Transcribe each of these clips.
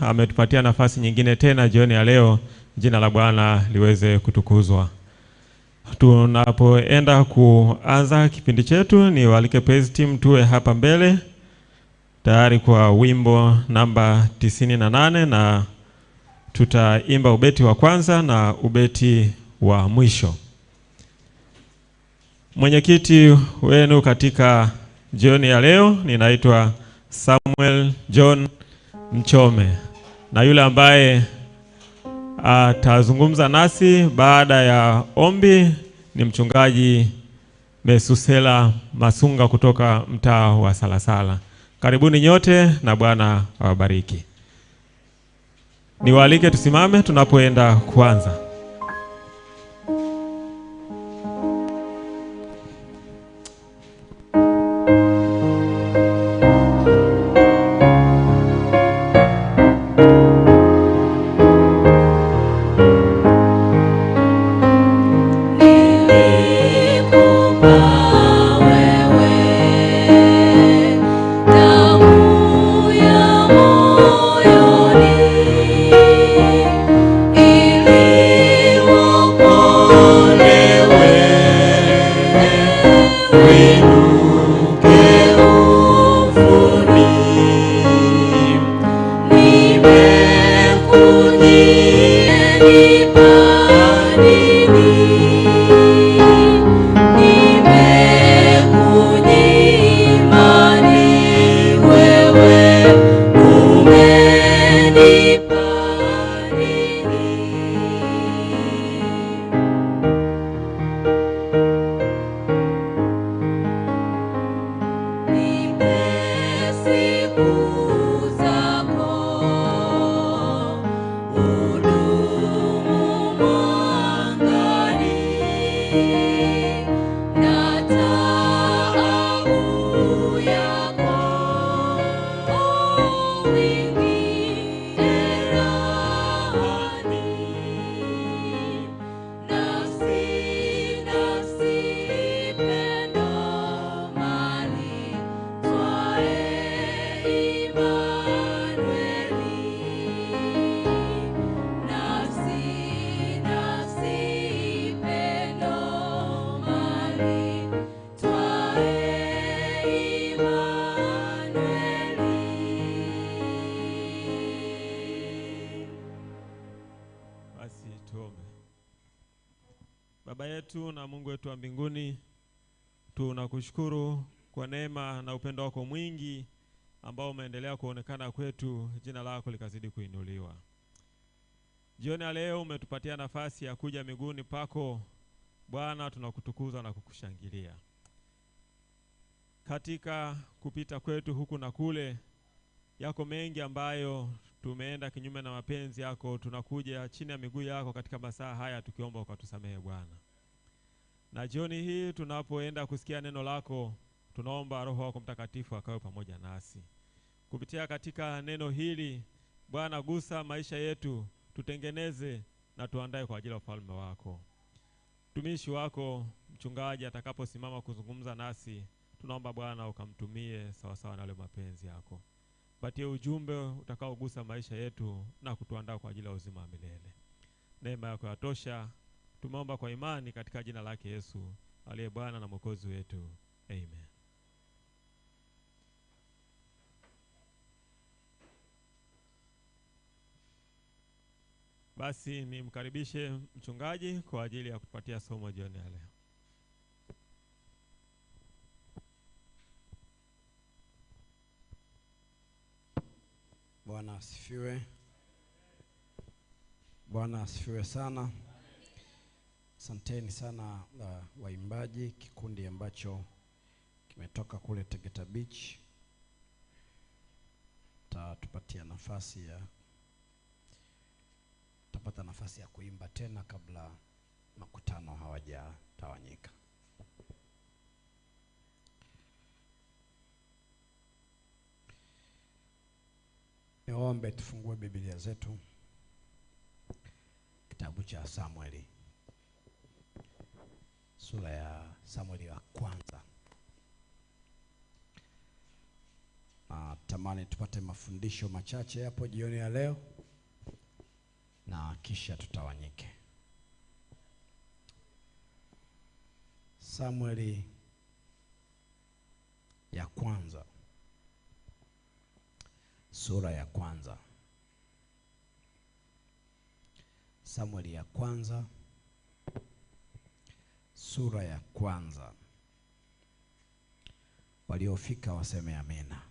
Ametupatia nafasi nyingine tena jioni ya leo, jina la Bwana liweze kutukuzwa. Tunapoenda kuanza kipindi chetu, ni walike praise team tuwe hapa mbele tayari kwa wimbo namba tisini na nane na tutaimba ubeti wa kwanza na ubeti wa mwisho. Mwenyekiti wenu katika jioni ya leo ninaitwa Samuel John mchome. Na yule ambaye atazungumza nasi baada ya ombi ni mchungaji Mesusela Masunga kutoka mtaa wa Salasala. Karibuni nyote na Bwana awabariki. Niwaalike tusimame tunapoenda kuanza. Baba yetu na Mungu wetu wa mbinguni, tunakushukuru kwa neema na upendo wako mwingi ambao umeendelea kuonekana kwetu, jina lako likazidi kuinuliwa. Jioni ya leo umetupatia nafasi ya kuja miguuni pako Bwana, tunakutukuza na kukushangilia. Katika kupita kwetu huku na kule, yako mengi ambayo tumeenda kinyume na mapenzi yako. Tunakuja chini ya miguu yako katika masaa haya tukiomba ukatusamehe Bwana. Na jioni hii tunapoenda kusikia neno lako, tunaomba Roho wako Mtakatifu akawe pamoja nasi kupitia katika neno hili. Bwana, gusa maisha yetu, tutengeneze na tuandae kwa ajili ya ufalme wako. Mtumishi wako mchungaji atakaposimama kuzungumza nasi, tunaomba Bwana ukamtumie sawasawa na yale mapenzi yako, patie ujumbe utakaogusa maisha yetu na kutuandaa kwa ajili ya uzima wa milele. Neema yako yatosha. Tumeomba kwa imani katika jina lake Yesu aliye Bwana na Mwokozi wetu, amen. Basi nimkaribishe mchungaji kwa ajili ya kutupatia somo jioni ya leo. Bwana asifiwe. Bwana asifiwe sana. Asanteni sana uh, waimbaji, kikundi ambacho kimetoka kule Tegeta Beach tatupatia nafasi ya tapata nafasi ya kuimba tena kabla makutano hawajatawanyika. Niombe tufungue Biblia zetu kitabu cha Samueli sura ya Samueli wa kwanza. Natamani tupate mafundisho machache hapo jioni ya leo na kisha tutawanyike. Samueli ya kwanza sura ya kwanza Samueli ya kwanza sura ya kwanza. Waliofika waseme amina.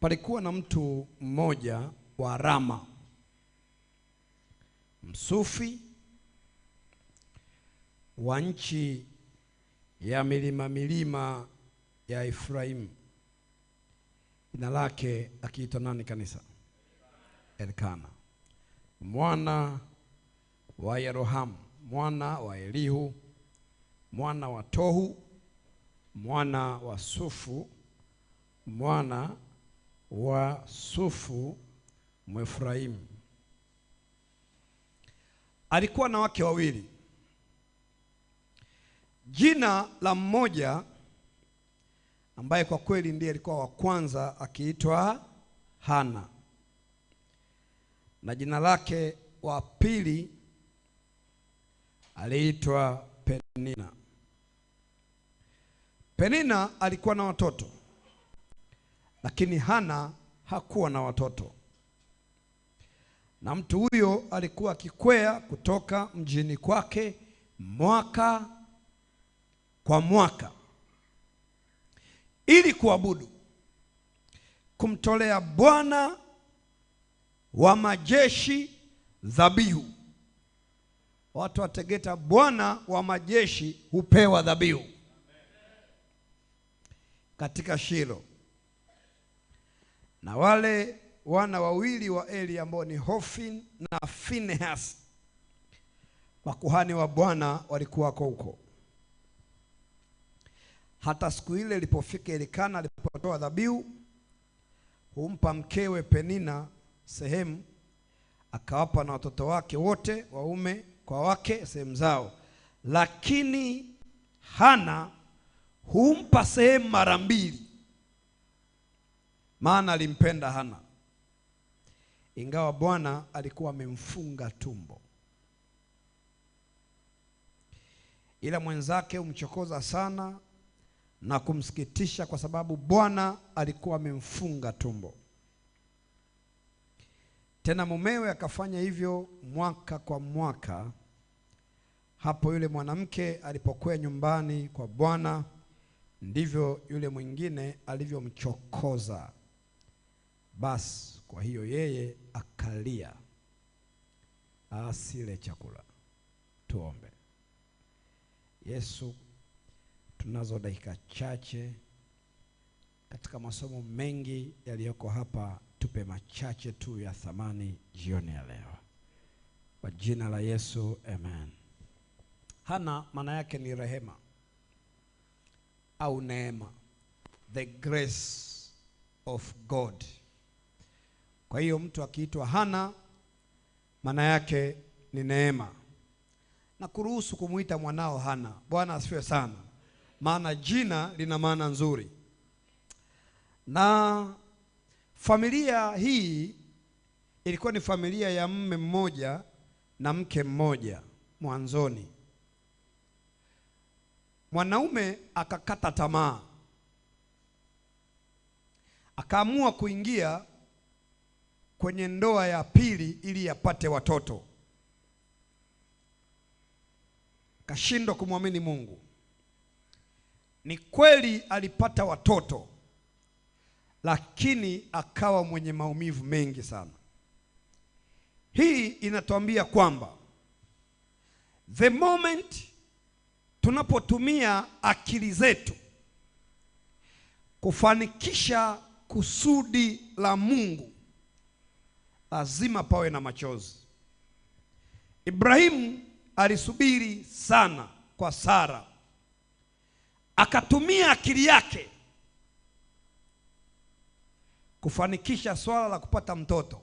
Palikuwa na mtu mmoja wa Rama, msufi wa nchi ya milima milima ya Efraimu, jina lake akiitwa nani kanisa? Elkana mwana wa Yerohamu mwana wa Elihu, mwana wa Tohu, mwana wa Sufu, mwana wa Sufu Mwefraimu. Alikuwa na wake wawili. Jina la mmoja ambaye kwa kweli ndiye alikuwa wa kwanza akiitwa Hana, na jina lake wa pili aliitwa Penina. Penina alikuwa na watoto, lakini Hana hakuwa na watoto, na mtu huyo alikuwa akikwea kutoka mjini kwake mwaka kwa mwaka ili kuabudu kumtolea Bwana wa majeshi dhabihu watu wa Tegeta, Bwana wa majeshi hupewa dhabihu katika Shilo, na wale wana wawili wa Eli ambao ni Hofin na Finehasi makuhani wa Bwana walikuwako huko. Hata siku ile ilipofika Elikana alipotoa dhabihu humpa mkewe Penina sehemu, akawapa na watoto wake wote waume kwa wake sehemu zao, lakini Hana humpa sehemu mara mbili, maana alimpenda Hana ingawa Bwana alikuwa amemfunga tumbo, ila mwenzake humchokoza sana na kumsikitisha kwa sababu Bwana alikuwa amemfunga tumbo. Tena mumewe akafanya hivyo mwaka kwa mwaka hapo yule mwanamke alipokuwa nyumbani kwa Bwana, ndivyo yule mwingine alivyomchokoza. Basi kwa hiyo yeye akalia, asile chakula. Tuombe. Yesu, tunazo dakika chache katika masomo mengi yaliyoko hapa, tupe machache tu ya thamani jioni ya leo, kwa jina la Yesu, amen. Hana maana yake ni rehema au neema, the grace of God. Kwa hiyo mtu akiitwa Hana maana yake ni neema, na kuruhusu kumwita mwanao Hana. Bwana asifiwe sana, maana jina lina maana nzuri, na familia hii ilikuwa ni familia ya mme mmoja na mke mmoja mwanzoni Mwanaume akakata tamaa, akaamua kuingia kwenye ndoa ya pili ili apate watoto. Kashindwa kumwamini Mungu. Ni kweli alipata watoto, lakini akawa mwenye maumivu mengi sana. Hii inatuambia kwamba the moment tunapotumia akili zetu kufanikisha kusudi la Mungu, lazima pawe na machozi. Ibrahimu alisubiri sana kwa Sara, akatumia akili yake kufanikisha swala la kupata mtoto,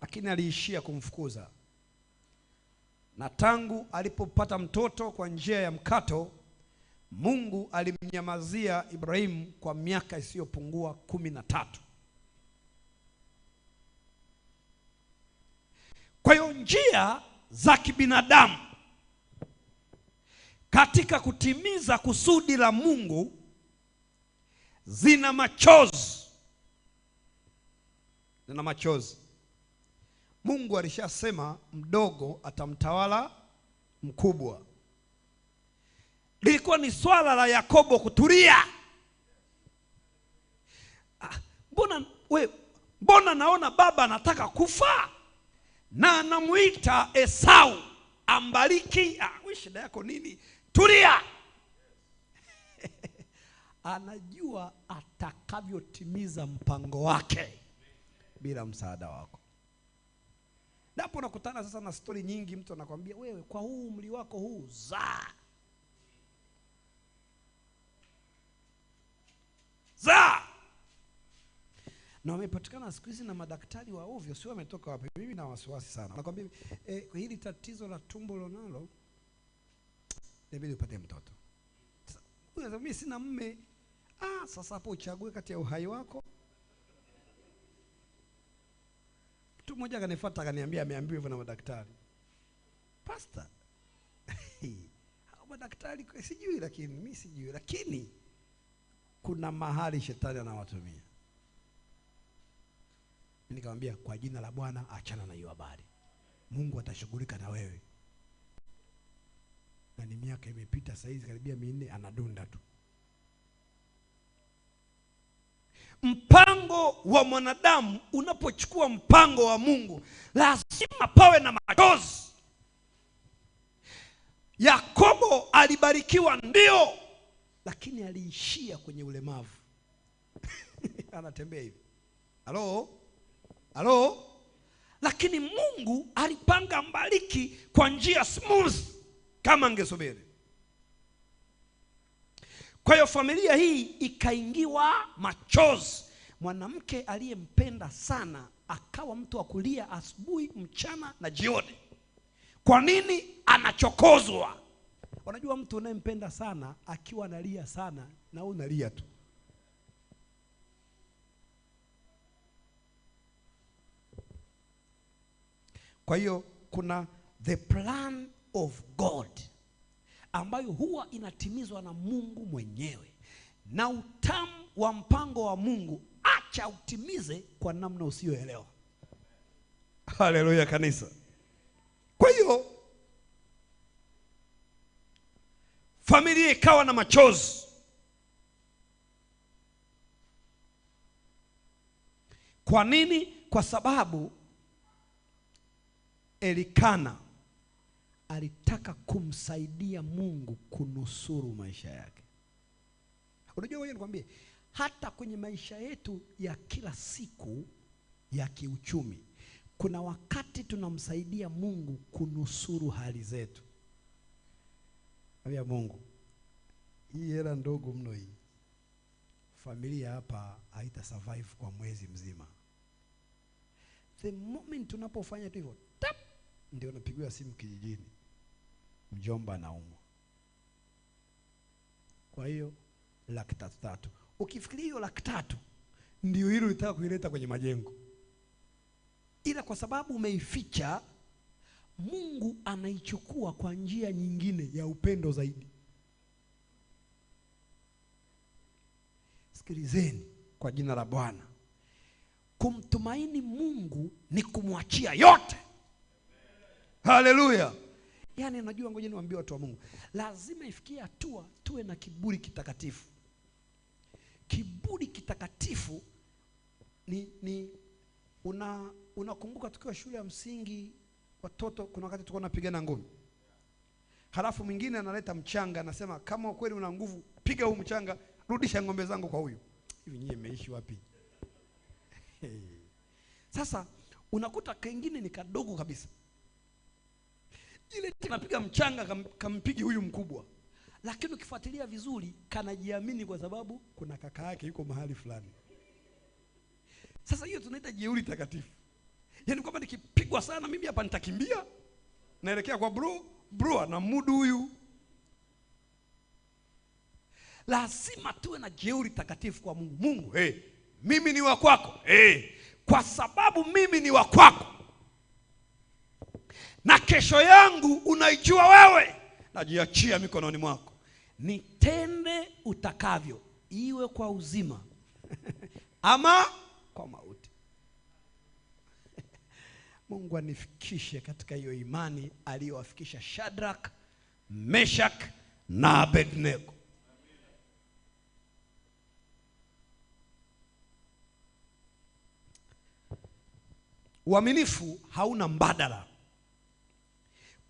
lakini aliishia kumfukuza na tangu alipopata mtoto kwa njia ya mkato, Mungu alimnyamazia Ibrahimu kwa miaka isiyopungua kumi na tatu. Kwa hiyo njia za kibinadamu katika kutimiza kusudi la Mungu zina machozi, zina machozi. Mungu alishasema mdogo atamtawala mkubwa. Lilikuwa ni swala la Yakobo kutulia. Ah, mbona we, mbona naona baba anataka kufa na anamuita Esau ambariki. Ah, we shida yako nini? Tulia. Anajua atakavyotimiza mpango wake bila msaada wako. Ndapo nakutana sasa na stori nyingi, mtu anakwambia wewe, kwa huu umri wako huu zaa zaa. Na wamepatikana siku hizi na madaktari wa ovyo, sio wametoka wapi? Mimi na wasiwasi sana, nakwambia eh, hili tatizo la tumbo lonalo inabidi upate mtoto. Mimi sina mme. Ah, sasa hapo uchague kati ya uhai wako mtu mmoja akanifuata akaniambia ameambiwa hivyo na madaktari. Pastor, hao madaktari sijui, lakini mimi sijui, lakini kuna mahali shetani anawatumia. Nikamwambia kwa jina la Bwana achana na hiyo habari, Mungu atashughulika na wewe. Na ni miaka imepita saizi karibia minne, anadunda tu. Mpango wa mwanadamu unapochukua mpango wa Mungu lazima pawe na machozi. Yakobo alibarikiwa ndio, lakini aliishia kwenye ulemavu anatembea hivi. Halo, halo. Lakini Mungu alipanga mbariki kwa njia smooth kama angesubiri. Kwa hiyo familia hii ikaingiwa machozi. Mwanamke aliyempenda sana akawa mtu wa kulia asubuhi, mchana na jioni. Kwa nini? Anachokozwa. Unajua, mtu unayempenda sana akiwa analia sana, na wewe unalia tu. Kwa hiyo kuna the plan of God ambayo huwa inatimizwa na Mungu mwenyewe, na utamu wa mpango wa Mungu acha utimize kwa namna usiyoelewa. Haleluya kanisa. Kwa hiyo familia ikawa na machozi. Kwa nini? Kwa sababu Elikana alitaka kumsaidia Mungu kunusuru maisha yake. Unajua wewe, nikwambie hata kwenye maisha yetu ya kila siku ya kiuchumi, kuna wakati tunamsaidia Mungu kunusuru hali zetu. Ambia Mungu, hii hela ndogo mno hii, familia hapa haita survive kwa mwezi mzima. The moment tunapofanya tu hivyo, tap, ndio napigiwa simu kijijini mjomba anaumwa, kwa hiyo laki tatu ukifikiri hiyo laki tatu ndio hilo litaka kuileta kwenye majengo, ila kwa sababu umeificha, Mungu anaichukua kwa njia nyingine ya upendo zaidi. Sikilizeni kwa jina la Bwana. Kumtumaini Mungu ni kumwachia yote. Haleluya! yani najua, ngoja niwaambie watu wa Mungu, lazima ifikie hatua tuwe na kiburi kitakatifu. Kiburi kitakatifu ni, ni una unakumbuka tukiwa shule ya msingi watoto, kuna wakati tulikuwa tunapigana ngumi, halafu mwingine analeta mchanga, anasema kama kweli una nguvu, piga huu mchanga, rudisha ng'ombe zangu kwa huyu. Hivi nyie mmeishi wapi? Hey. Sasa unakuta kengine ni kadogo kabisa ile napiga mchanga kampigi huyu mkubwa, lakini ukifuatilia vizuri kanajiamini kwa sababu kuna kaka yake yuko mahali fulani. Sasa hiyo tunaita jeuri takatifu, yaani kwamba nikipigwa sana mimi hapa nitakimbia, naelekea kwa bro bro na mudu huyu. Lazima tuwe na jeuri takatifu kwa Mungu. Mungu, hey, mimi ni wa kwako hey, kwa sababu mimi ni wa kwako na kesho yangu unaijua wewe, najiachia mikononi mwako, nitende utakavyo, iwe kwa uzima ama kwa mauti. Mungu anifikishe katika hiyo imani aliyowafikisha Shadrach, Meshach na Abednego. Uaminifu hauna mbadala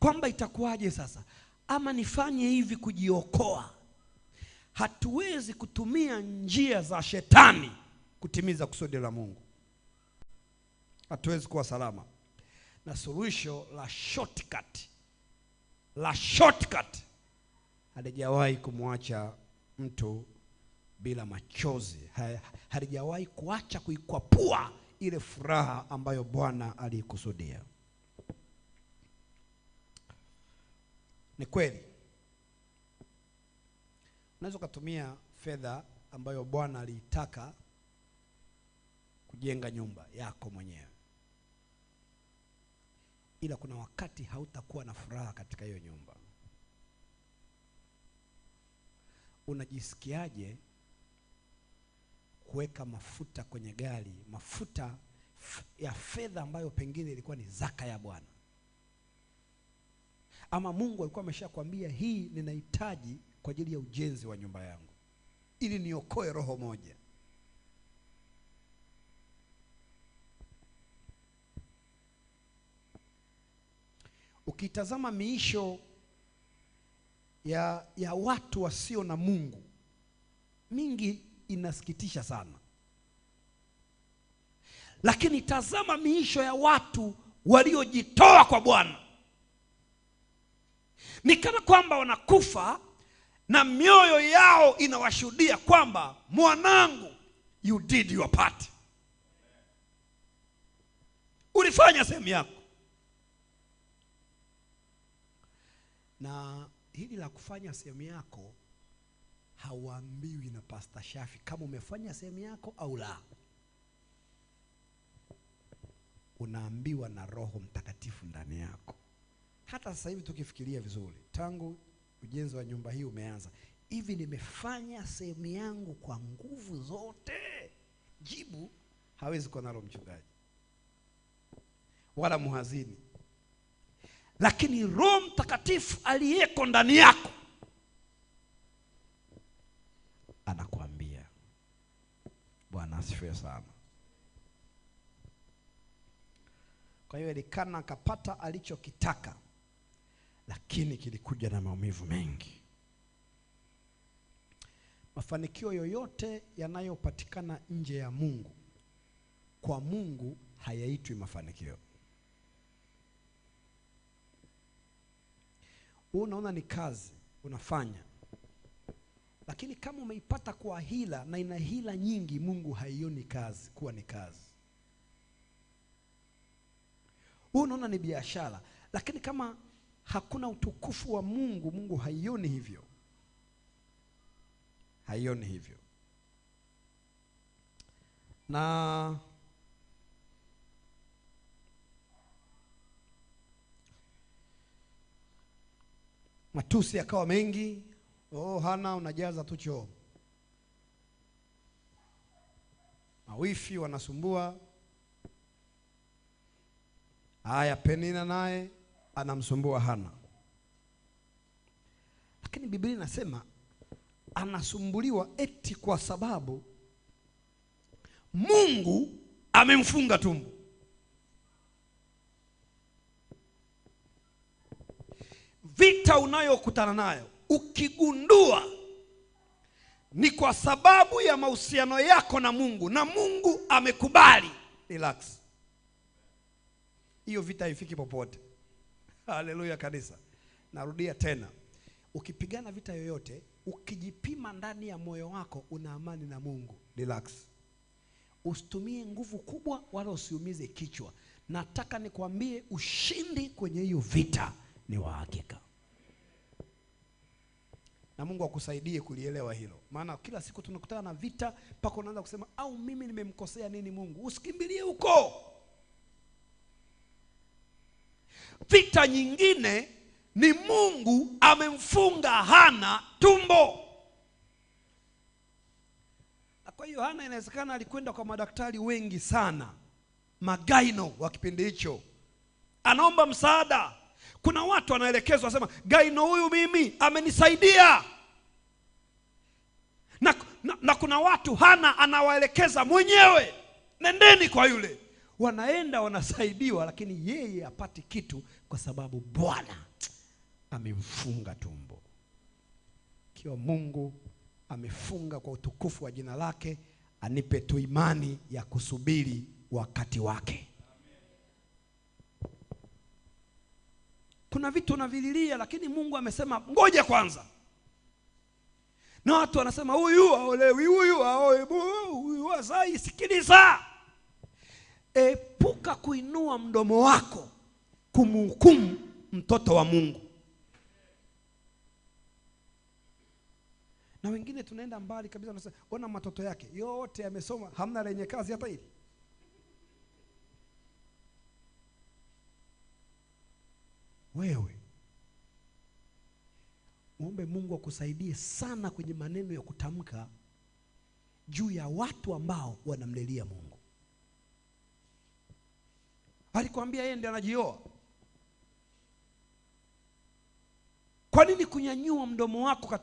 kwamba itakuwaje sasa, ama nifanye hivi kujiokoa. Hatuwezi kutumia njia za shetani kutimiza kusudi la Mungu, hatuwezi kuwa salama. Na suluhisho la shortcut la shortcut halijawahi kumwacha mtu bila machozi, halijawahi kuacha kuikwapua ile furaha ambayo Bwana aliikusudia. Ni kweli unaweza ukatumia fedha ambayo Bwana aliitaka kujenga nyumba yako mwenyewe, ila kuna wakati hautakuwa na furaha katika hiyo nyumba. Unajisikiaje kuweka mafuta kwenye gari, mafuta ya fedha ambayo pengine ilikuwa ni zaka ya Bwana? ama Mungu alikuwa ameshakwambia hii ninahitaji kwa ajili ya ujenzi wa nyumba yangu, ili niokoe roho moja. Ukitazama miisho ya, ya watu wasio na Mungu mingi inasikitisha sana, lakini tazama miisho ya watu waliojitoa kwa Bwana. Ni kana kwamba wanakufa na mioyo yao inawashuhudia kwamba mwanangu, you did your part, ulifanya sehemu yako. Na hili la kufanya sehemu yako hauambiwi na Pastor Shafi kama umefanya sehemu yako au la, unaambiwa na Roho Mtakatifu ndani yako. Hata sasa hivi tukifikiria vizuri, tangu ujenzi wa nyumba hii umeanza hivi, nimefanya sehemu yangu kwa nguvu zote? Jibu hawezi kuwa nalo mchungaji wala muhazini lakini Roho Mtakatifu aliyeko ndani yako anakuambia. Bwana asifiwe sana. Kwa hiyo Elikana akapata alichokitaka lakini kilikuja na maumivu mengi. Mafanikio yoyote yanayopatikana nje ya Mungu, kwa Mungu hayaitwi mafanikio. Wewe unaona ni kazi unafanya, lakini kama umeipata kwa hila na ina hila nyingi, Mungu haioni kazi kuwa ni kazi. Wewe unaona ni biashara, lakini kama hakuna utukufu wa Mungu. Mungu haioni hivyo, haioni hivyo. Na matusi yakawa mengi. Oh, Hana unajaza tu choo. Mawifi wanasumbua. Haya, Penina naye anamsumbua Hana, lakini Biblia inasema anasumbuliwa eti kwa sababu Mungu amemfunga tumbo. Vita unayokutana nayo ukigundua ni kwa sababu ya mahusiano yako na Mungu na Mungu amekubali, relax, hiyo vita haifiki popote. Haleluya kanisa. Narudia tena, ukipigana vita yoyote, ukijipima ndani ya moyo wako, una amani na Mungu. Relax, usitumie nguvu kubwa, wala usiumize kichwa. Nataka nikwambie, ushindi kwenye hiyo vita ni wa hakika, na Mungu akusaidie kulielewa hilo, maana kila siku tunakutana na vita mpaka unaanza kusema, au mimi nimemkosea nini Mungu? Usikimbilie huko. Vita nyingine ni Mungu amemfunga Hana tumbo, na kwa hiyo Hana inawezekana alikwenda kwa madaktari wengi sana, magaino wa kipindi hicho, anaomba msaada. Kuna watu anaelekezwa, anasema gaino huyu mimi amenisaidia na, na, na kuna watu Hana anawaelekeza mwenyewe, nendeni kwa yule wanaenda wanasaidiwa, lakini yeye apati kitu kwa sababu Bwana amemfunga tumbo. Ikiwa Mungu amefunga kwa utukufu wa jina lake, anipe tu imani ya kusubiri wakati wake. Kuna vitu unavililia, lakini Mungu amesema ngoja kwanza, na watu wanasema huyu aolewi huyu aoe, huyu Sikiliza, Sikiliza, epuka kuinua mdomo wako kumhukumu mtoto wa Mungu. Na wengine tunaenda mbali kabisa, tunasema ona, matoto yake yote yamesoma, hamna lenye kazi hata hili. Wewe muombe Mungu akusaidie sana kwenye maneno ya kutamka juu ya watu ambao wanamlelia Mungu alikwambia yeye ndiye anajioa. Kwa nini kunyanyua mdomo wako katika